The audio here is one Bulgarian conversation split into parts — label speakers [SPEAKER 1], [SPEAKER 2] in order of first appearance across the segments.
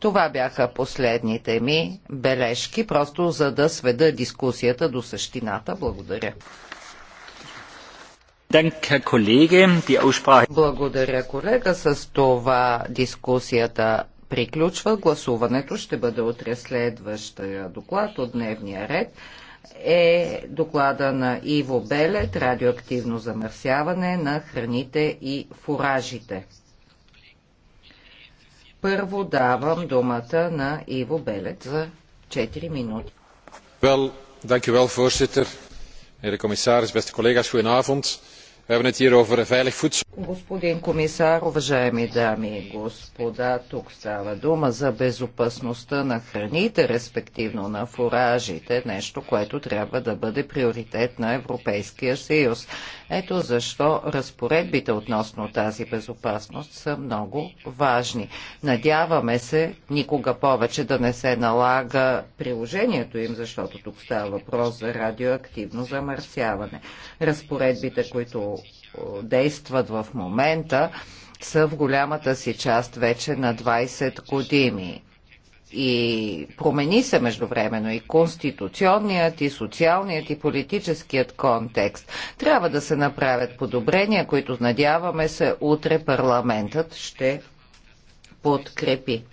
[SPEAKER 1] Това бяха последните ми бележки, просто за да сведа дискусията до същината. Благодаря. Благодаря, колега. С това дискусията приключва. Гласуването ще бъде утре следващия доклад от дневния ред е доклада на Иво Белет, радиоактивно замърсяване на храните и фуражите. Първо давам думата на Иво Белет за 4 минути.
[SPEAKER 2] Wel, dankjewel, voorzitter. Meneer de commissaris, beste collega's, goedenavond.
[SPEAKER 1] Господин комисар, уважаеми дами и господа, тук става дума за безопасността на храните, респективно на фуражите, нещо, което трябва да бъде приоритет на Европейския съюз. Ето защо разпоредбите относно тази безопасност са много важни. Надяваме се никога повече да не се налага приложението им, защото тук става въпрос за радиоактивно замърсяване. Разпоредбите, които които действат в момента, са в голямата си част вече на 20 години. И промени се междувременно и конституционният, и социалният, и политическият контекст. Трябва да се направят подобрения, които надяваме се утре парламентът ще подкрепи.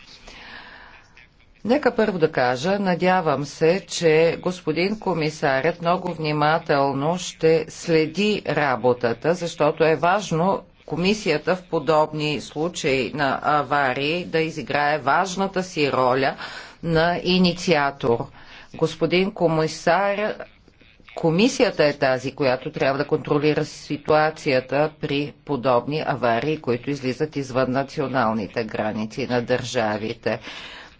[SPEAKER 1] Нека първо да кажа, надявам се, че господин комисарят много внимателно ще следи работата, защото е важно комисията в подобни случаи на аварии да изиграе важната си роля на инициатор. Господин комисар, комисията е тази, която трябва да контролира ситуацията при подобни аварии, които излизат извън националните граници на държавите.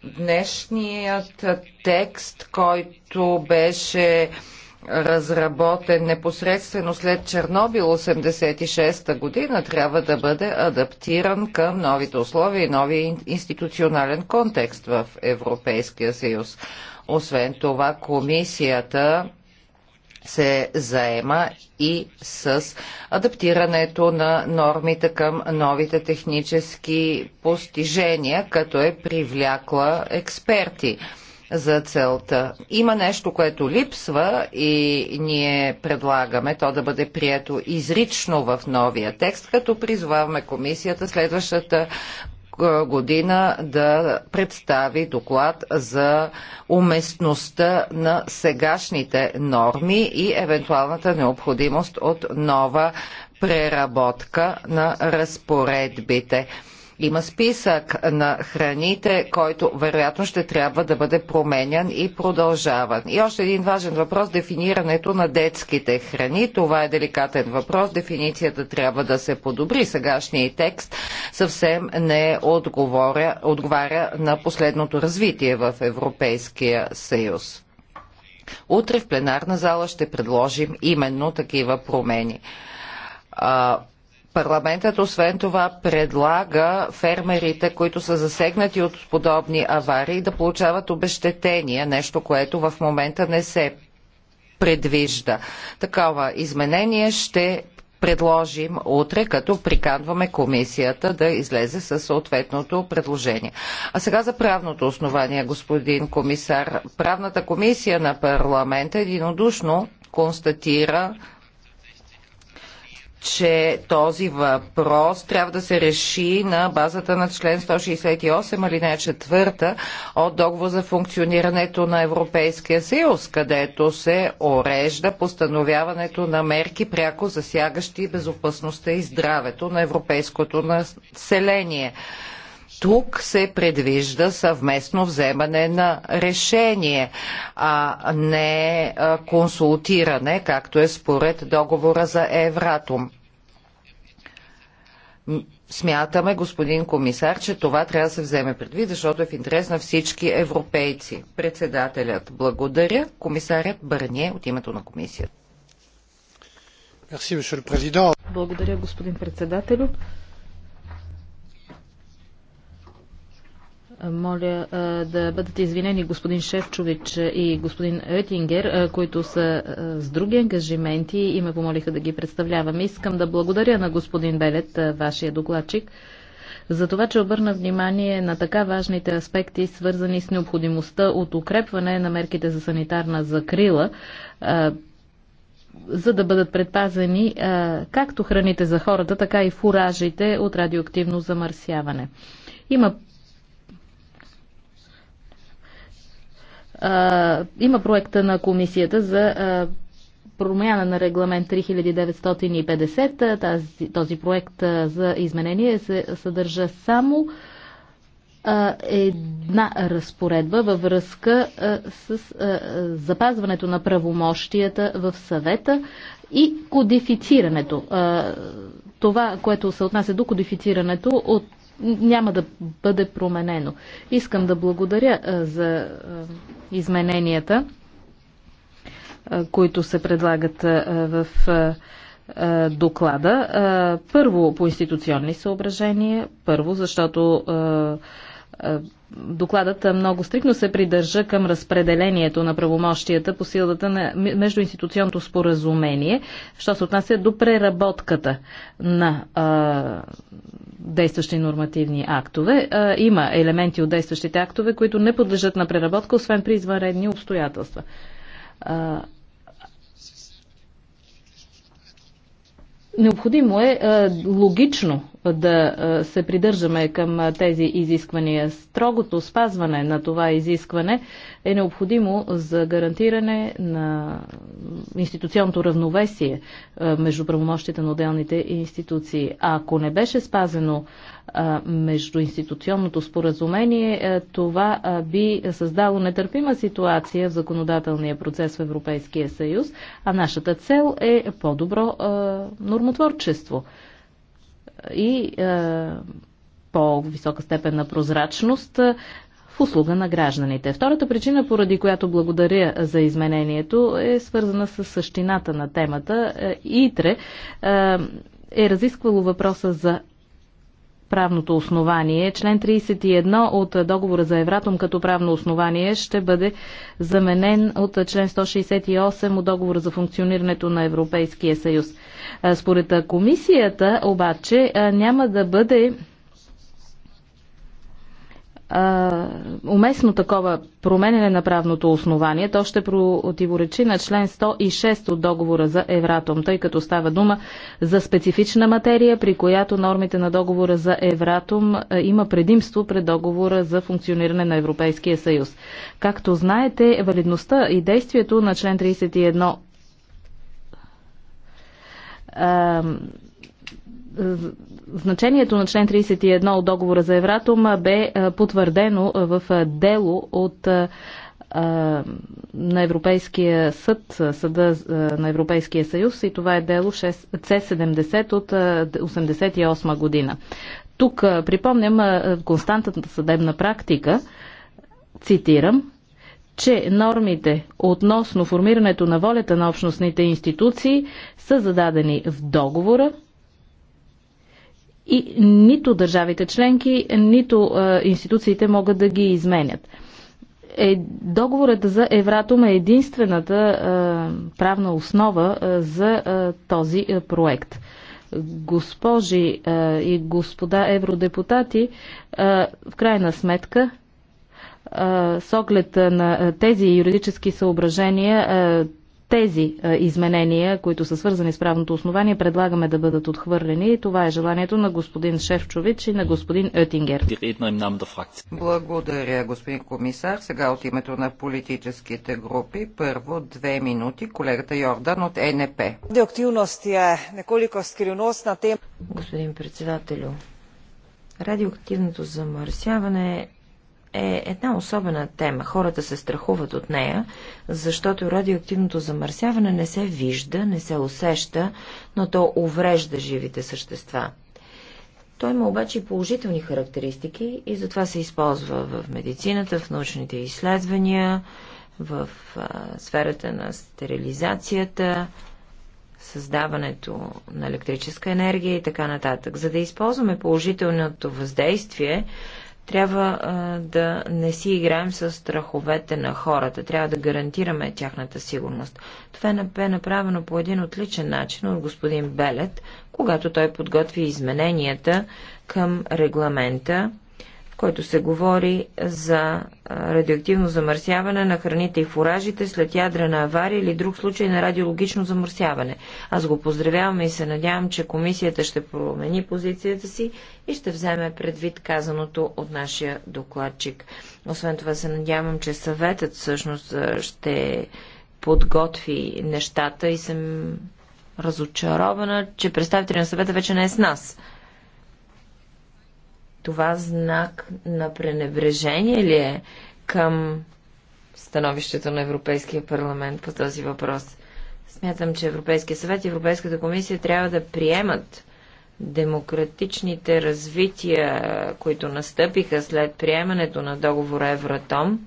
[SPEAKER 1] Днешният текст, който беше разработен непосредствено след Чернобил 86-та година, трябва да бъде адаптиран към новите условия и новия институционален контекст в Европейския съюз. Освен това, комисията се заема и с адаптирането на нормите към новите технически постижения, като е привлякла експерти за целта. Има нещо, което липсва и ние предлагаме то да бъде прието изрично в новия текст, като призваваме комисията следващата е, година да представи доклад за уместността на сегашните норми и евентуалната необходимост от нова преработка на разпоредбите. Има списък на храните, който вероятно ще трябва да бъде променян и продължаван. И още един важен въпрос – дефинирането на детските храни. Това е деликатен въпрос. Дефиницията трябва да се подобри. Сегашният текст съвсем не отговоря, отговаря на последното развитие в Европейския съюз. Утре в пленарна зала ще предложим именно такива промени. Парламентът освен това предлага фермерите, които са засегнати от подобни аварии, да получават обещетения, нещо, което в момента не се предвижда. Такова изменение ще предложим утре, като приканваме комисията да излезе със съответното предложение. А сега за правното основание, господин комисар. Правната комисия на парламента единодушно констатира че този въпрос трябва да се реши на базата на член 168 алинея 4 от договор за функционирането на Европейския съюз, където се орежда постановяването на мерки пряко засягащи безопасността и здравето на европейското население тук се предвижда съвместно вземане на решение, а не консултиране, както е според договора за Евратум. Смятаме, господин комисар, че това трябва да се вземе предвид, защото е в интерес на всички европейци. Председателят благодаря. Комисарят Бърние от името на комисията.
[SPEAKER 2] Благодаря, господин председателю. Моля да бъдат извинени господин Шевчович и господин Етингер, които са с други ангажименти и ме помолиха да ги представлявам. Искам да благодаря на господин Белет, вашия докладчик, за това, че обърна внимание на така важните аспекти, свързани с необходимостта от укрепване на мерките за санитарна закрила, за да бъдат предпазени както храните за хората, така и фуражите от радиоактивно замърсяване. Има а, има проекта на комисията за а, промяна на регламент 3950. Тази, този проект а, за изменение се съдържа само а, една разпоредба във връзка а, с а, запазването на правомощията в съвета и кодифицирането. А, това, което се отнася до кодифицирането, от няма да бъде променено. Искам да благодаря за измененията, които се предлагат в доклада. Първо по институционни съображения, първо защото докладът много стрикно се придържа към разпределението на правомощията по силата на междуинституционното споразумение, що се отнася до преработката на действащи нормативни актове. Има елементи от действащите актове, които не подлежат на преработка, освен при извънредни обстоятелства. Необходимо е логично да се придържаме към тези изисквания. Строгото спазване на това изискване е необходимо за гарантиране на институционното равновесие между правомощите на отделните институции. А ако не беше спазено между институционното споразумение, това би създало нетърпима ситуация в законодателния процес в Европейския съюз, а нашата цел е по-добро нормално нормотворчество и е, по-висока степен на прозрачност е, в услуга на гражданите. Втората причина, поради която благодаря за изменението, е свързана с същината на темата. Е, ИТРЕ е, е разисквало въпроса за правното основание. Член 31 от договора за Евратом като правно основание ще бъде заменен от член 168 от договора за функционирането на Европейския съюз. Според комисията обаче няма да бъде уместно такова променене на правното основание, то ще противоречи на член 106 от договора за Евратом, тъй като става дума за специфична материя, при която нормите на договора за Евратом има предимство пред договора за функциониране на Европейския съюз. Както знаете, валидността и действието на член 31 значението на член 31 от договора за Евратум бе потвърдено в дело от на Европейския съд, съда на Европейския съюз и това е дело C70 от 88 година. Тук припомням константната съдебна практика, цитирам, че нормите относно формирането на волята на общностните институции са зададени в договора и нито държавите членки, нито а, институциите могат да ги изменят. Е, договорът за Евратум е единствената а, правна основа а, за а, този а, проект. Госпожи а, и господа евродепутати, а, в крайна сметка с оглед на тези юридически съображения, тези изменения, които са свързани с правното основание, предлагаме да бъдат отхвърлени. Това е желанието на господин Шефчович и на господин Оттингер.
[SPEAKER 1] Благодаря, господин комисар. Сега от името на политическите групи, първо две минути, колегата Йордан от ЕНП. Е
[SPEAKER 3] господин председателю, радиоактивното замърсяване е една особена тема. Хората се страхуват от нея, защото радиоактивното замърсяване не се вижда, не се усеща, но то уврежда живите същества. Той има обаче и положителни характеристики и затова се използва в медицината, в научните изследвания, в а, сферата на стерилизацията, създаването на електрическа енергия и така нататък. За да използваме положителното въздействие трябва а, да не си играем с страховете на хората. Трябва да гарантираме тяхната сигурност. Това бе е направено по един отличен начин от господин Белет, когато той подготви измененията към регламента който се говори за радиоактивно замърсяване на храните и фуражите след ядрена авария или друг случай на радиологично замърсяване. Аз го поздравявам и се надявам, че комисията ще промени позицията си и ще вземе предвид казаното от нашия докладчик. Освен това се надявам, че съветът всъщност ще подготви нещата и съм разочарована, че представителят на съвета вече не е с нас. Това знак на пренебрежение ли е към становището на Европейския парламент по този въпрос? Смятам, че Европейския съвет и Европейската комисия трябва да приемат демократичните развития, които настъпиха след приемането на договора Евротом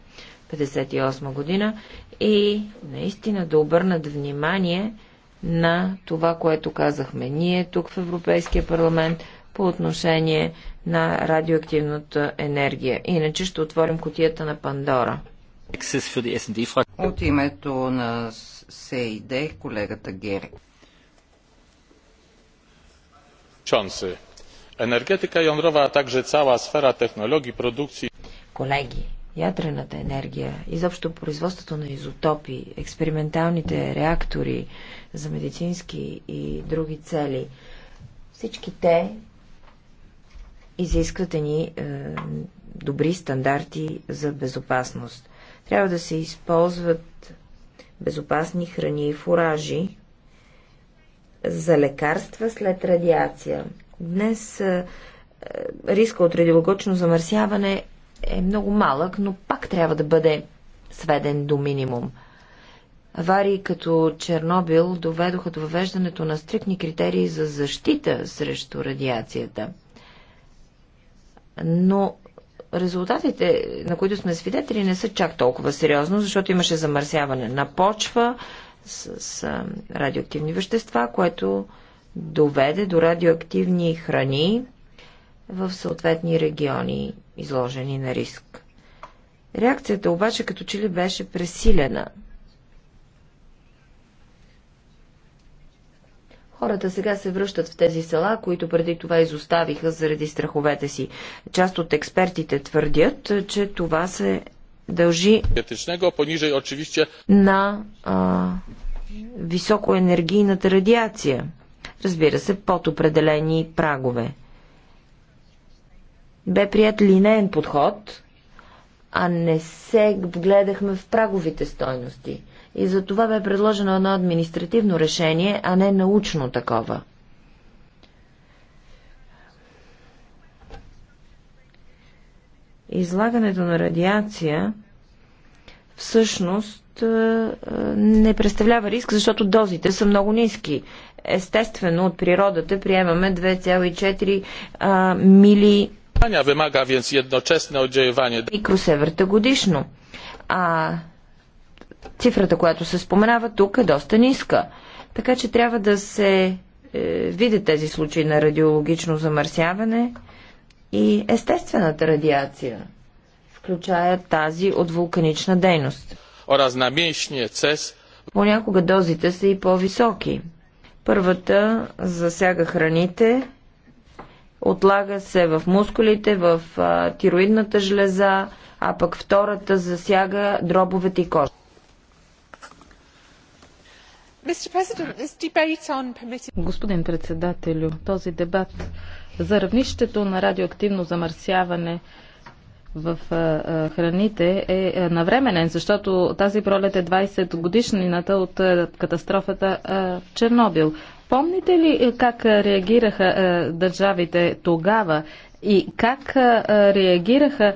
[SPEAKER 3] 58 година и наистина да обърнат внимание на това, което казахме ние тук в Европейския парламент – по отношение на радиоактивната енергия. Иначе ще отворим котията на Пандора.
[SPEAKER 1] От името на СИД, колегата Гери.
[SPEAKER 3] Чонси. Енергетика jądrowa, а также цяла сфера технологии, продукции. Колеги, ядрената енергия, изобщо производството на изотопи, експерименталните реактори за медицински и други цели, всички те изискват ни е, добри стандарти за безопасност. Трябва да се използват безопасни храни и фуражи за лекарства след радиация. Днес е, е, риска от радиологично замърсяване е много малък, но пак трябва да бъде сведен до минимум. Аварии като Чернобил доведоха до въвеждането на стрикни критерии за защита срещу радиацията – но резултатите, на които сме свидетели, не са чак толкова сериозно, защото имаше замърсяване на почва с, с радиоактивни вещества, което доведе до радиоактивни храни в съответни региони, изложени на риск. Реакцията обаче като че ли беше пресилена – Хората сега се връщат в тези села, които преди това изоставиха заради страховете си. Част от експертите твърдят, че това се дължи на а, високоенергийната радиация. Разбира се, под определени прагове. Бе прият линейен подход – а не се гледахме в праговите стойности. И за това бе предложено едно административно решение, а не научно такова. Излагането на радиация всъщност е, е, не представлява риск, защото дозите са много ниски. Естествено, от природата приемаме 2,4 мили Wymaga więc jednoczesne oddziaływanie. годишно. А цифрата, която се споменава тук е доста ниска. Така че трябва да се е, видят тези случаи на радиологично замърсяване и естествената радиация, включая тази от вулканична дейност. Понякога дозите са и по-високи. Първата засяга храните, отлага се в мускулите, в а, тироидната жлеза, а пък втората засяга дробовете и кожа.
[SPEAKER 2] Господин председателю, този дебат за равнището на радиоактивно замърсяване в храните е, е навременен, защото тази пролет е 20 годишнината от катастрофата в Чернобил. Помните ли е, как реагираха държавите тогава и как реагираха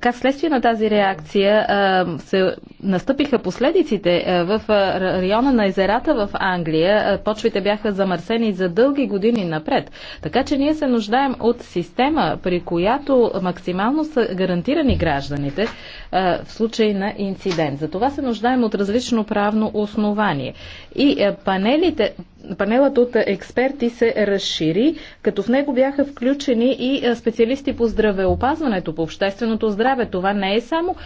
[SPEAKER 2] как следствие на тази реакция се настъпиха последиците в района на езерата в Англия. Почвите бяха замърсени за дълги години напред. Така че ние се нуждаем от система, при която максимално са гарантирани гражданите в случай на инцидент. За това се нуждаем от различно правно основание. И панелите, панелът от експерти се разшири, като в него бяха включени и специалисти по здравеопазването, по общественото здраве. Това не е само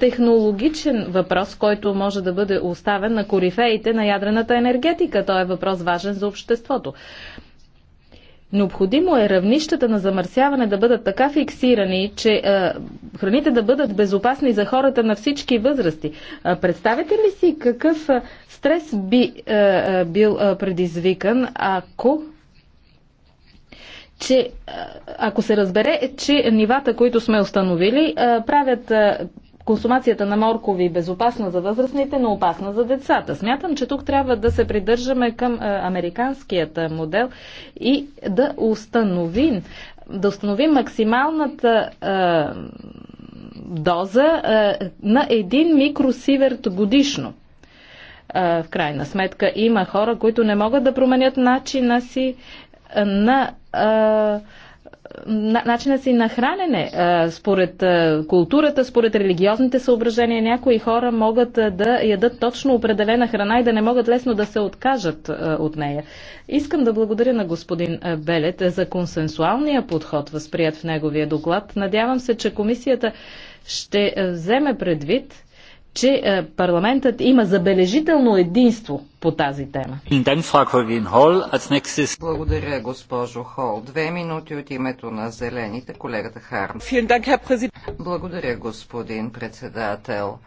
[SPEAKER 2] технологичен въпрос, който може да бъде оставен на корифеите на ядрената енергетика. Той е въпрос важен за обществото. Необходимо е равнищата на замърсяване да бъдат така фиксирани, че а, храните да бъдат безопасни за хората на всички възрасти. А, представете ли си какъв а, стрес би а, а, бил а, предизвикан, ако че ако се разбере, че нивата, които сме установили, правят консумацията на моркови безопасна за възрастните, но опасна за децата. Смятам, че тук трябва да се придържаме към е, американският е, модел и да установим, да установим максималната е, доза на един микросиверт годишно. В крайна сметка има хора, които не могат да променят начина си на начина си на хранене, според културата, според религиозните съображения, някои хора могат да ядат точно определена храна и да не могат лесно да се откажат от нея. Искам да благодаря на господин Белет за консенсуалния подход, възприят в неговия доклад. Надявам се, че комисията ще вземе предвид че е, парламентът има забележително единство по тази тема.
[SPEAKER 1] Благодаря, госпожо Хол. Две минути от името на зелените, колегата Харм. Благодаря, господин председател.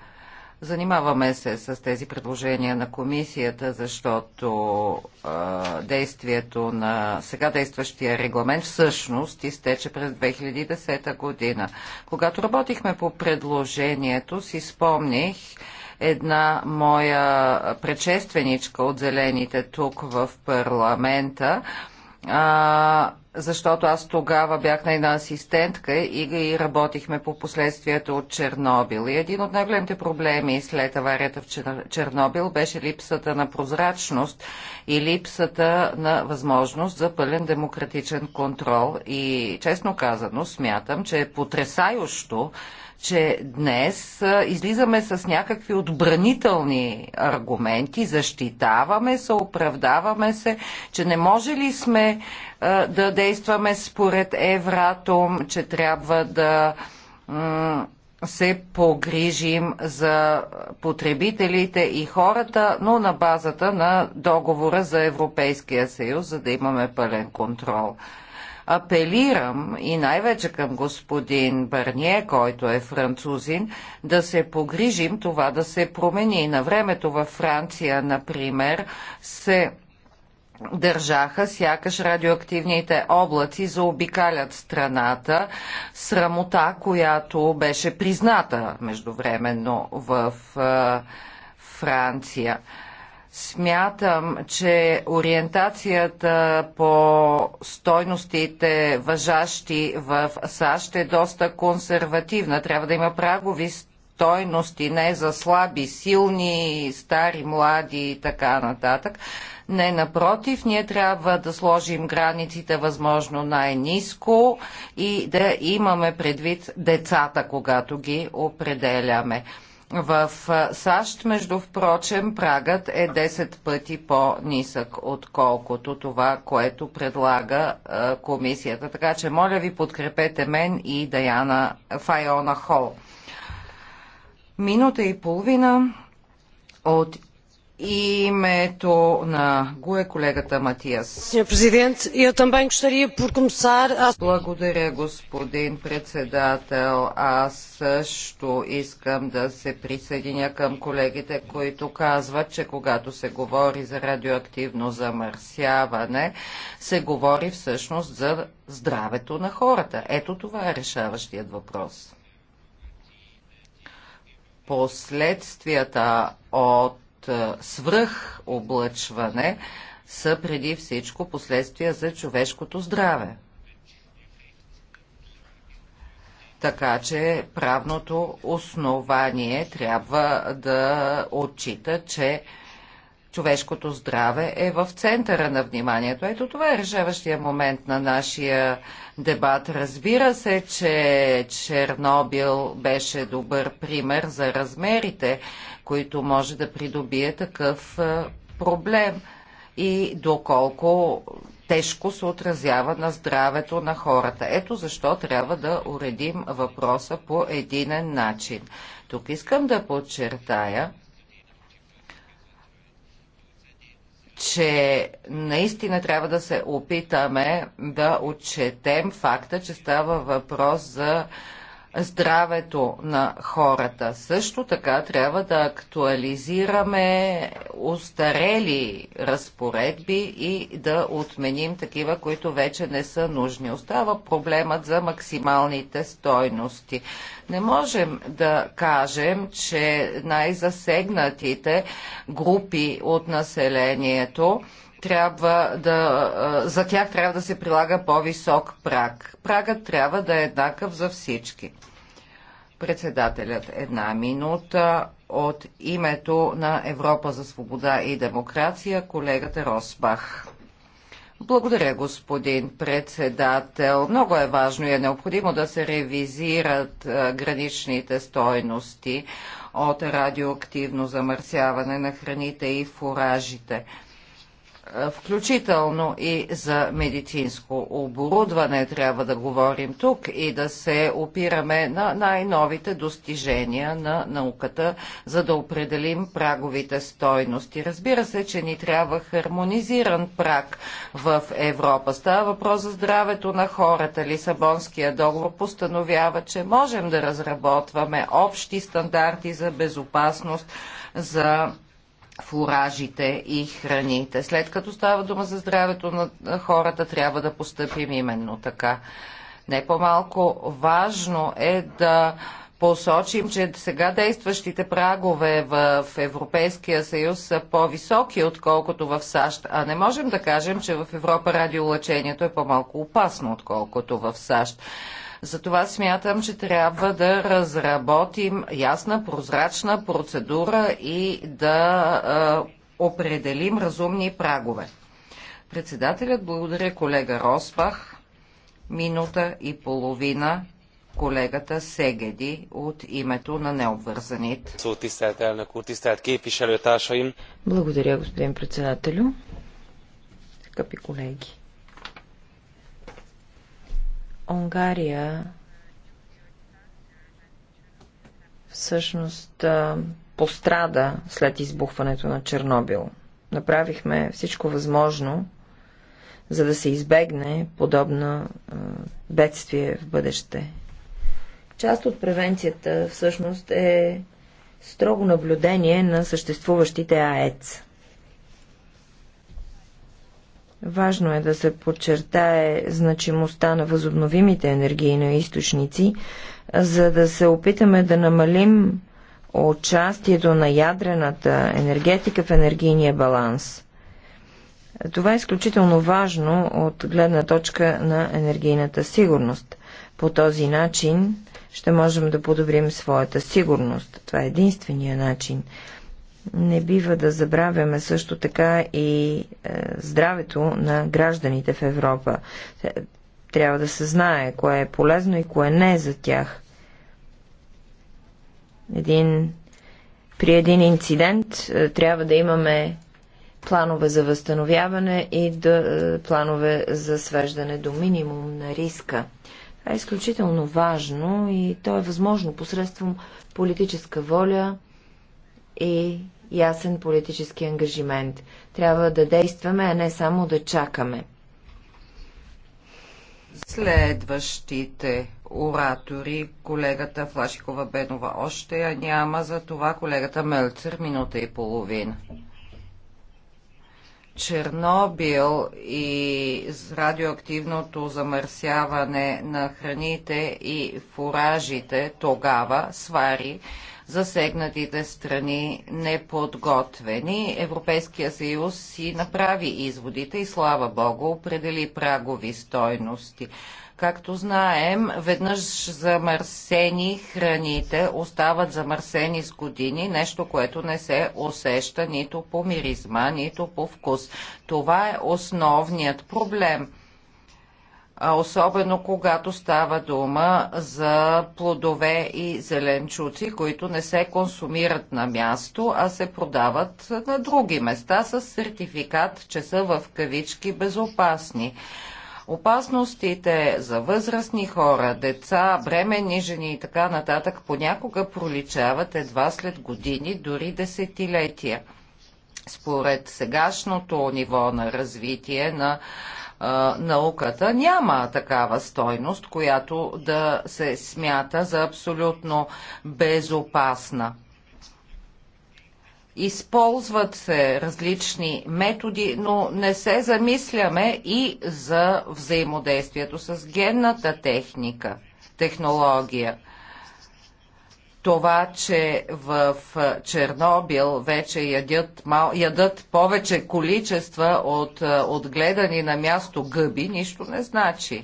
[SPEAKER 1] Занимаваме се с тези предложения на комисията, защото а, действието на сега действащия регламент всъщност изтече през 2010 година. Когато работихме по предложението, си спомних една моя предшественичка от зелените тук в парламента, а, защото аз тогава бях на една асистентка и работихме по последствията от Чернобил. И един от най-големите проблеми след аварията в Чернобил беше липсата на прозрачност и липсата на възможност за пълен демократичен контрол. И честно казано, смятам, че е потрясающо, че днес излизаме с някакви отбранителни аргументи, защитаваме се, оправдаваме се, че не може ли сме да действаме според Евратом, че трябва да се погрижим за потребителите и хората, но на базата на договора за Европейския съюз, за да имаме пълен контрол. Апелирам и най-вече към господин Барние, който е французин, да се погрижим това да се промени. На времето във Франция, например, се държаха, сякаш радиоактивните облаци заобикалят страната, срамота, която беше призната междувременно в Франция. Смятам, че ориентацията по стойностите въжащи в САЩ е доста консервативна. Трябва да има прагови стойности, не за слаби, силни, стари, млади и така нататък. Не, напротив, ние трябва да сложим границите възможно най-низко и да имаме предвид децата, когато ги определяме. В САЩ, между впрочем, прагът е 10 пъти по-нисък, отколкото това, което предлага комисията. Така че, моля ви, подкрепете мен и Даяна Файона Хол. Минута и половина от Името на ГУЕ колегата Матиас. Благодаря, господин председател. Аз също искам да се присъединя към колегите, които казват, че когато се говори за радиоактивно замърсяване, се говори всъщност за здравето на хората. Ето това е решаващият въпрос. Последствията от свръхоблъчване са преди всичко последствия за човешкото здраве. Така че правното основание трябва да отчита, че човешкото здраве е в центъра на вниманието. Ето това е решаващия момент на нашия дебат. Разбира се, че Чернобил беше добър пример за размерите, които може да придобие такъв проблем и доколко тежко се отразява на здравето на хората. Ето защо трябва да уредим въпроса по единен начин. Тук искам да подчертая, че наистина трябва да се опитаме да отчетем факта, че става въпрос за здравето на хората. Също така трябва да актуализираме устарели разпоредби и да отменим такива, които вече не са нужни. Остава проблемът за максималните стойности. Не можем да кажем, че най-засегнатите групи от населението трябва да, за тях трябва да се прилага по-висок праг. Прагът трябва да е еднакъв за всички. Председателят една минута от името на Европа за свобода и демокрация, колегата Росбах. Благодаря, господин председател. Много е важно и е необходимо да се ревизират граничните стойности от радиоактивно замърсяване на храните и фуражите включително и за медицинско оборудване трябва да говорим тук и да се опираме на най-новите достижения на науката, за да определим праговите стойности. Разбира се, че ни трябва хармонизиран праг в Европа. Става въпрос за здравето на хората. Лисабонския договор постановява, че можем да разработваме общи стандарти за безопасност, за фуражите и храните. След като става дума за здравето на хората, трябва да постъпим именно така. Не по-малко важно е да посочим, че сега действащите прагове в Европейския съюз са по-високи, отколкото в САЩ. А не можем да кажем, че в Европа радиолъчението е по-малко опасно, отколкото в САЩ. Затова смятам, че трябва да разработим ясна, прозрачна процедура и да определим разумни прагове. Председателят благодаря колега Роспах. Минута и половина колегата Сегеди от
[SPEAKER 3] името на необвързаните. Благодаря, господин председателю. Скъпи колеги. Унгария всъщност пострада след избухването на Чернобил. Направихме всичко възможно, за да се избегне подобно бедствие в бъдеще. Част от превенцията всъщност е строго наблюдение на съществуващите АЕЦ. Важно е да се подчертае значимостта на възобновимите енергийни източници, за да се опитаме да намалим участието на ядрената енергетика в енергийния баланс. Това е изключително важно от гледна точка на енергийната сигурност. По този начин ще можем да подобрим своята сигурност. Това е единствения начин. Не бива да забравяме също така и е, здравето на гражданите в Европа. Е, трябва да се знае кое е полезно и кое не е за тях. Един, при един инцидент е, трябва да имаме планове за възстановяване и да, е, планове за свеждане до минимум на риска. Това е изключително важно и то е възможно посредством политическа воля, и ясен политически ангажимент. Трябва да действаме, а не само да чакаме.
[SPEAKER 1] Следващите оратори, колегата Флашикова Бенова още я няма, за това колегата Мелцер минута и половина. Чернобил и радиоактивното замърсяване на храните и фуражите тогава свари засегнатите страни неподготвени. Европейския съюз си направи изводите и слава Богу определи прагови стойности. Както знаем, веднъж замърсени храните остават замърсени с години, нещо, което не се усеща нито по миризма, нито по вкус. Това е основният проблем особено когато става дума за плодове и зеленчуци, които не се консумират на място, а се продават на други места с сертификат, че са в кавички безопасни. Опасностите за възрастни хора, деца, бремени жени и така нататък понякога проличават едва след години, дори десетилетия. Според сегашното ниво на развитие на науката няма такава стойност, която да се смята за абсолютно безопасна. Използват се различни методи, но не се замисляме и за взаимодействието с генната техника, технология – това, че в Чернобил вече ядят, мал, ядат повече количества от е, отгледани на място гъби, нищо не значи.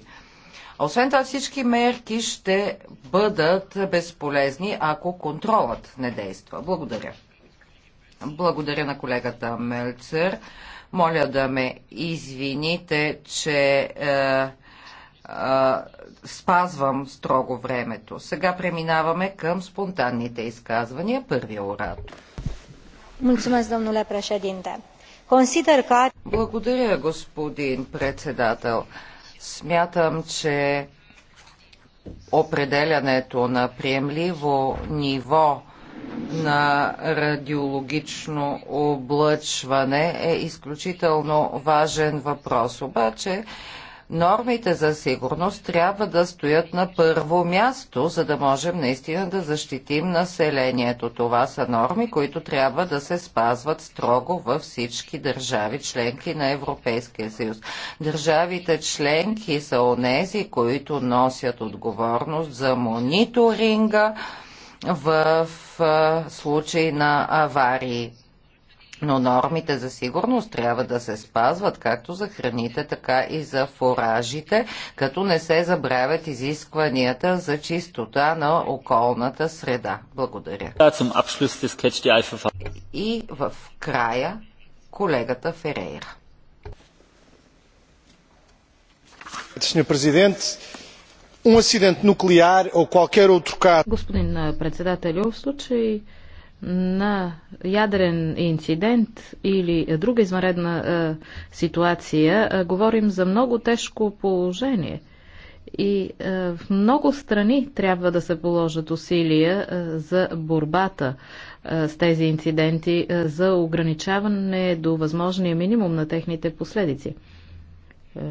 [SPEAKER 1] Освен това всички мерки ще бъдат безполезни, ако контролът не действа. Благодаря. Благодаря на колегата Мелцер. Моля да ме извините, че е, спазвам строго времето. Сега преминаваме към спонтанните изказвания. Първия оратор.
[SPEAKER 3] domnule președinte.
[SPEAKER 1] Consider că... Благодаря, господин председател. Смятам, че определянето на приемливо ниво на радиологично облъчване е изключително важен въпрос. Обаче, нормите за сигурност трябва да стоят на първо място, за да можем наистина да защитим населението. Това са норми, които трябва да се спазват строго във всички държави, членки на Европейския съюз. Държавите членки са онези, които носят отговорност за мониторинга в случай на аварии. Но нормите за сигурност трябва да се спазват както за храните, така и за фуражите, като не се забравят изискванията за чистота на околната среда. Благодаря. И в края колегата Ферейра.
[SPEAKER 2] Um Господин председателю, в случай на ядрен инцидент или друга извънредна а, е, ситуация, а, е, говорим за много тежко положение. И а, е, в много страни трябва да се положат усилия а, за борбата а, с тези инциденти, а, за ограничаване до възможния минимум на техните последици. Е,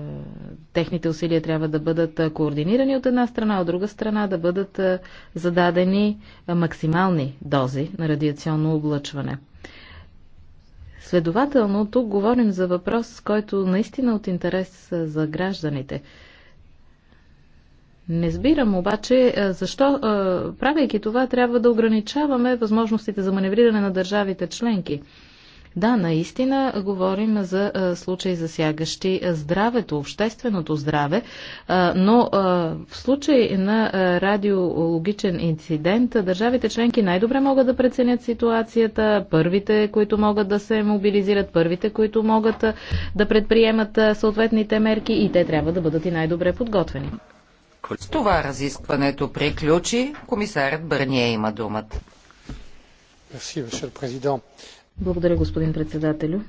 [SPEAKER 2] техните усилия трябва да бъдат е, координирани от една страна, от друга страна да бъдат е, зададени максимални дози на радиационно облъчване. Следователно, тук говорим за въпрос, който наистина от интерес за гражданите. Не сбирам обаче защо, правейки това, трябва да ограничаваме възможностите за маневриране на държавите членки. Да, наистина говорим за случаи засягащи здравето, общественото здраве, но в случай на радиологичен инцидент държавите членки най-добре могат да преценят ситуацията, първите, които могат да се мобилизират, първите, които могат да предприемат съответните мерки и те трябва да бъдат и най-добре подготвени.
[SPEAKER 1] С това разискването приключи. Комисарят Бърния има думата.
[SPEAKER 2] Merci, благодаря, господин председателю.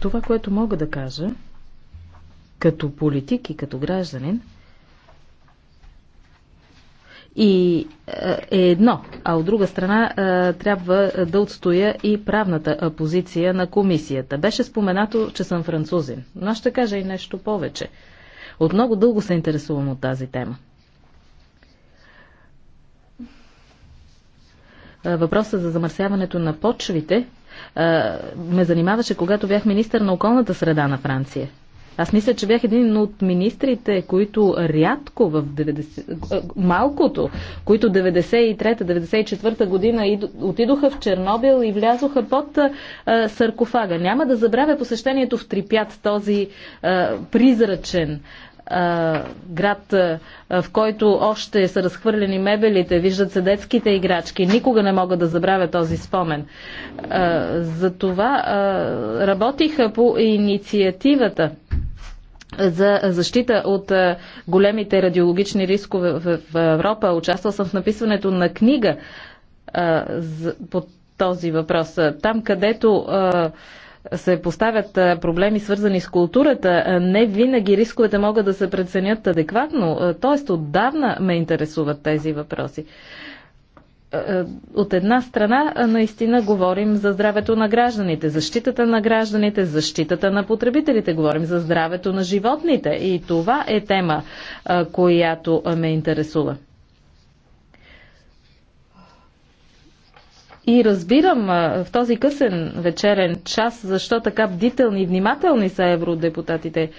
[SPEAKER 2] Това, което мога да кажа, като политик и като гражданин, и е, е едно, а от друга страна е, трябва да отстоя и правната позиция на комисията. Беше споменато, че съм французин, но аз ще кажа и нещо повече. От много дълго се интересувам от тази тема. въпроса за замърсяването на почвите ме занимаваше, когато бях министър на околната среда на Франция. Аз мисля, че бях един от министрите, които рядко в 90... малкото, които 93-94 година отидоха в Чернобил и влязоха под саркофага. Няма да забравя посещението в Трипят, този призрачен град, в който още са разхвърлени мебелите, виждат се детските играчки. Никога не мога да забравя този спомен. За това работиха по инициативата за защита от големите радиологични рискове в Европа. Участвал съм в написването на книга по този въпрос. Там, където се поставят проблеми свързани с културата, не винаги рисковете могат да се преценят адекватно. Тоест отдавна ме интересуват тези въпроси от една страна наистина говорим за здравето на гражданите, защитата на гражданите, защитата на потребителите, говорим за здравето на животните и това е тема, която ме интересува. И разбирам в този късен вечерен час, защо така бдителни и внимателни са евродепутатите.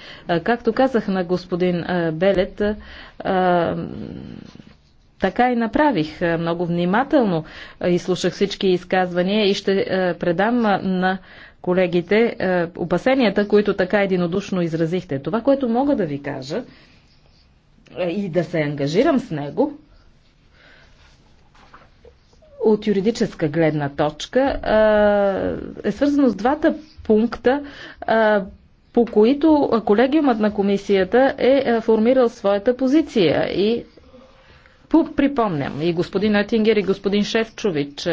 [SPEAKER 2] Както казах на господин Белет, така и направих. Много внимателно изслушах всички изказвания и ще предам на колегите опасенията, които така единодушно изразихте. Това, което мога да ви кажа е, и да се ангажирам с него, от юридическа гледна точка е свързано с двата пункта, по които колегиумът на комисията е, е формирал своята позиция. И припомням, и господин Атингер, и господин Шефчович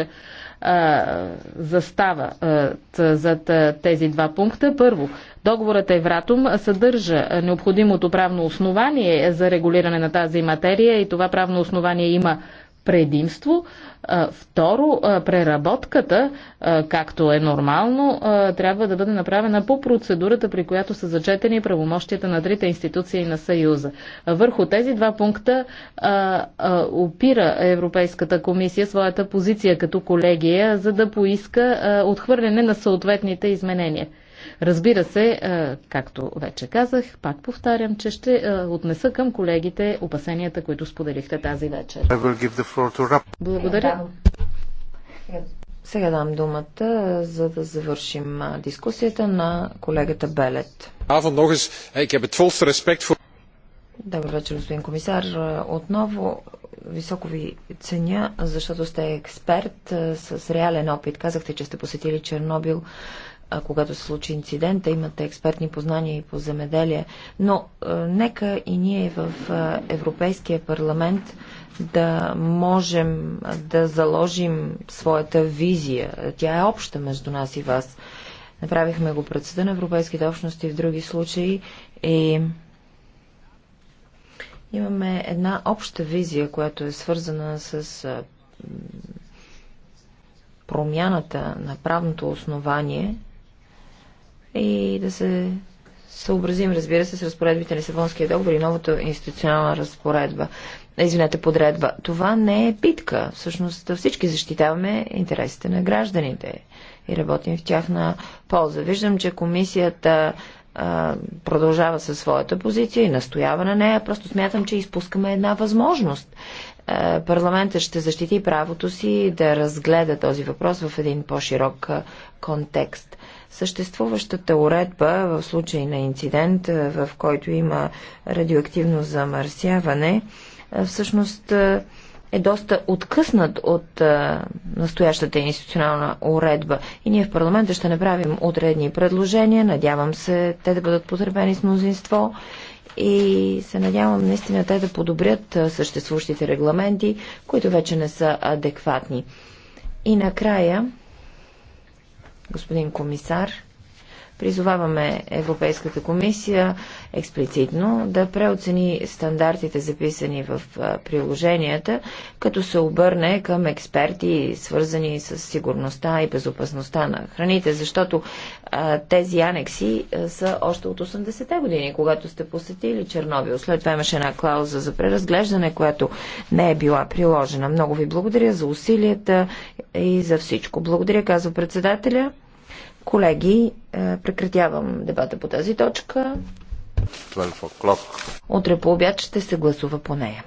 [SPEAKER 2] застават за тези два пункта. Първо, договорът Евратум съдържа необходимото правно основание за регулиране на тази материя и това правно основание има предимство. Второ, преработката, както е нормално, трябва да бъде направена по процедурата, при която са зачетени правомощията на трите институции на Съюза. Върху тези два пункта опира Европейската комисия своята позиция като колегия, за да поиска отхвърляне на съответните изменения. Разбира се, е, както вече казах, пак повтарям, че ще е, отнеса към колегите опасенията, които споделихте тази вечер. Благодаря.
[SPEAKER 3] Сега дам думата, за да завършим дискусията на колегата Белет. Добър вечер, господин комисар. Е, отново високо ви ценя, защото сте експерт с реален опит. Казахте, че сте посетили Чернобил а, когато се случи инцидента, имате експертни познания и по земеделие. Но а, нека и ние в а, Европейския парламент да можем да заложим своята визия. Тя е обща между нас и вас. Направихме го пред съда на европейските общности в други случаи и имаме една обща визия, която е свързана с промяната на правното основание и да се съобразим, разбира се, с разпоредбите на Лисабонския договор и новата институционална разпоредба. Извинете, подредба. Това не е битка. Всъщност всички защитаваме интересите на гражданите и работим в тяхна полза. Виждам, че комисията а, продължава със своята позиция и настоява на нея. Просто смятам, че изпускаме една възможност. А, парламентът ще защити правото си да разгледа този въпрос в един по-широк контекст. Съществуващата уредба в случай на инцидент, е, в който има радиоактивно замърсяване, е, всъщност е, е доста откъснат от а, настоящата институционална уредба. И ние в парламента ще направим отредни предложения. Надявам се те да бъдат потребени с мнозинство и се надявам наистина те да подобрят съществуващите регламенти, които вече не са адекватни. И накрая господин комисар. Призоваваме Европейската комисия експлицитно да преоцени стандартите записани в приложенията, като се обърне към експерти, свързани с сигурността и безопасността на храните, защото а, тези анекси а, са още от 80-те години, когато сте посетили Чернобил. След това имаше една клауза за преразглеждане, която не е била приложена. Много ви благодаря за усилията и за всичко. Благодаря, казва председателя. Колеги, е, прекратявам дебата по тази точка.
[SPEAKER 2] Утре по обяд ще се гласува по нея.